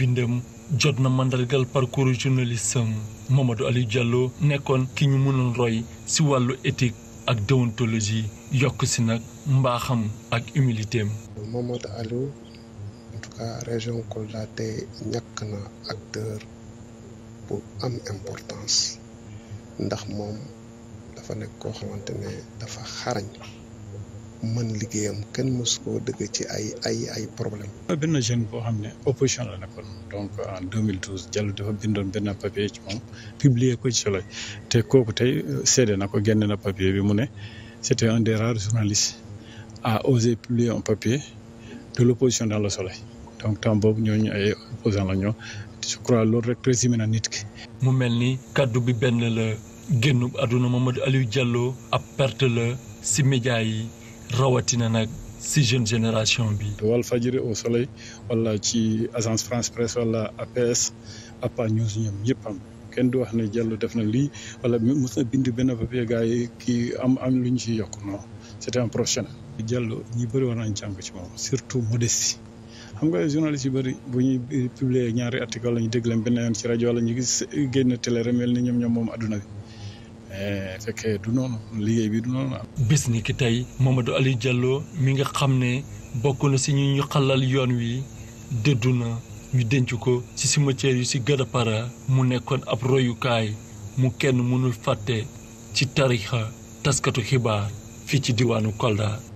bindam jot na mandargal parcours journalisme Mamadou Aliou Diallo nekkoon ki ñu mënoon roy si wàllu éthique ak déontologie yokk si nag mbaaxam ak humilité am. Mamadou Aliou en tout cas région Kolda tey ñàkk na acteur bu am importance ndax moom dafa nekk koo xamante ne dafa xarañ. mën liggéeyam kenn mës koo dëgg ci ay ay ay problème benn jeune boo xam ne opposition la nekkoon donc en 2012 Diallo dafa bindoon benn papier ci moom publier ko ci Soleil te kooku tey euh, seede na ko génne na papier bi mu ne c'était un des rares journalistes à oser publier un papier de l'opposition dans le Soleil donc temps boobu ñooñu ay opposants la ñoo je crois loolu rek résumé na nit ki. mu mel ni kaddu bi benn la génn àdduna Mamadou Aliou Diallo ab perte l si média yi. rawatina nag si jeune génération bi. wal fajiri au soleil wala ci agence France Presse wala APS APA News ñoom ñëpp am kenn du wax ne Diallo def na lii wala mos na bind benn papier gars yi kii am am lu ñu ciy yokk non c'était un professionnel. Diallo ñi bëri war nañ jàng ci moom surtout modestie xam nga journaliste yu bëri bu ñuy publier ñaari article la ñu dégg leen benn yoon ci rajo wala ñu gis génn télé mel ni ñoom ñoom moom adduna bi. mais eh, fekkee du noonu ni ki tey Mamadou Aliou Diallo mi nga xam ne bokk na si ñu xalal yoon wi dëddu na ñu denc ko ci si cimetière yu si Gadapara mu nekkoon ab royukaay mu kenn mënul fàtte ci tarixa taskatu xibaar fii ci diwaanu Kolda.